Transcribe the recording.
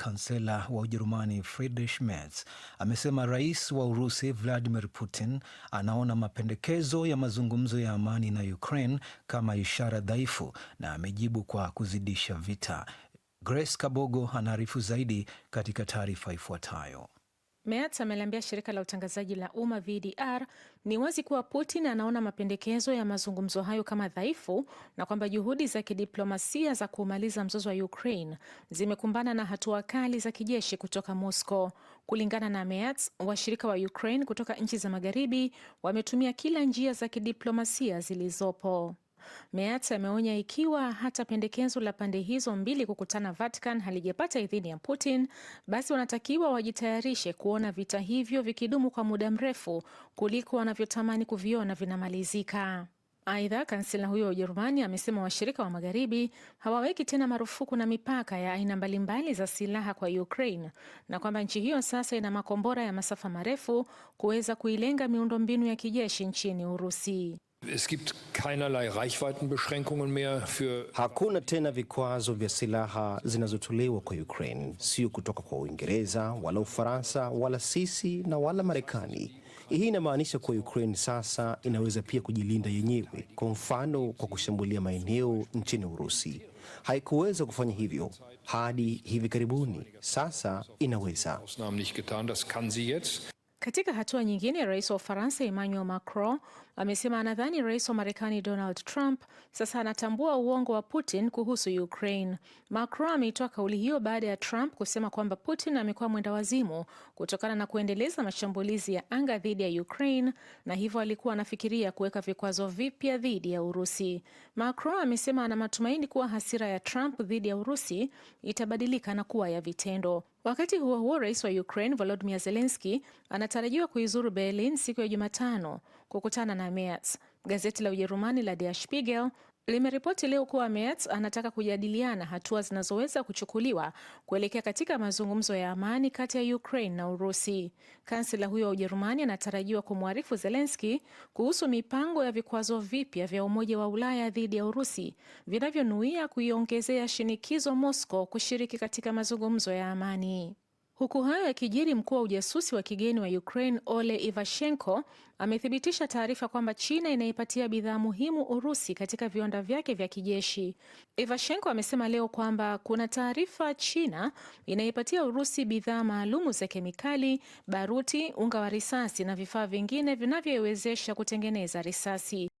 Kansela wa Ujerumani Friedrich Merz amesema rais wa Urusi Vladimir Putin anaona mapendekezo ya mazungumzo ya amani na Ukraine kama ishara dhaifu na amejibu kwa kuzidisha vita. Grace Kabogo anaarifu zaidi katika taarifa ifuatayo. Merz ameliambia shirika la utangazaji la umma VDR ni wazi kuwa Putin anaona mapendekezo ya mazungumzo hayo kama dhaifu na kwamba juhudi za kidiplomasia za kuumaliza mzozo wa Ukraine zimekumbana na hatua kali za kijeshi kutoka Moscow. Kulingana na meats washirika wa Ukraine kutoka nchi za magharibi wametumia kila njia za kidiplomasia zilizopo. Meat ameonya ikiwa hata pendekezo la pande hizo mbili kukutana Vatican halijapata idhini ya Putin, basi wanatakiwa wajitayarishe kuona vita hivyo vikidumu kwa muda mrefu kuliko wanavyotamani kuviona vinamalizika. Aidha, kansela huyo wa Ujerumani amesema washirika wa magharibi hawaweki tena marufuku na mipaka ya aina mbalimbali za silaha kwa Ukraine na kwamba nchi hiyo sasa ina makombora ya masafa marefu kuweza kuilenga miundombinu ya kijeshi nchini Urusi. Es gibt keinerlei Reichweitenbeschränkungen mehr für... Hakuna tena vikwazo vya silaha zinazotolewa kwa Ukraine, sio kutoka kwa Uingereza wala Ufaransa wala sisi na wala Marekani. Hii inamaanisha kuwa Ukraine sasa inaweza pia kujilinda yenyewe, kwa mfano kwa kushambulia maeneo nchini Urusi. Haikuweza kufanya hivyo hadi hivi karibuni, sasa inaweza. Katika hatua nyingine, rais wa Ufaransa Emmanuel Macron amesema anadhani rais wa Marekani Donald Trump sasa anatambua uongo wa Putin kuhusu Ukraine. Macron ameitoa kauli hiyo baada ya Trump kusema kwamba Putin amekuwa mwenda wazimu kutokana na kuendeleza mashambulizi ya anga dhidi ya Ukraine na hivyo alikuwa anafikiria kuweka vikwazo vipya dhidi ya Urusi. Macron amesema ana matumaini kuwa hasira ya Trump dhidi ya Urusi itabadilika na kuwa ya vitendo. Wakati huo huo, rais wa Ukraine Volodymyr Zelensky anatarajiwa kuizuru Berlin siku ya Jumatano kukutana na Merz. Gazeti la Ujerumani la Der Spiegel limeripoti leo kuwa meats anataka kujadiliana hatua zinazoweza kuchukuliwa kuelekea katika mazungumzo ya amani kati ya Ukraine na Urusi. Kansela huyo wa Ujerumani anatarajiwa kumwarifu Zelensky kuhusu mipango ya vikwazo vipya vya Umoja wa Ulaya dhidi ya Urusi vinavyonuia kuiongezea shinikizo Moscow kushiriki katika mazungumzo ya amani. Huku hayo yakijiri, mkuu wa ujasusi wa kigeni wa Ukraine Ole Ivashenko amethibitisha taarifa kwamba China inaipatia bidhaa muhimu Urusi katika viwanda vyake vya kijeshi. Ivashenko amesema leo kwamba kuna taarifa China inaipatia Urusi bidhaa maalumu za kemikali, baruti, unga wa risasi na vifaa vingine vinavyoiwezesha kutengeneza risasi.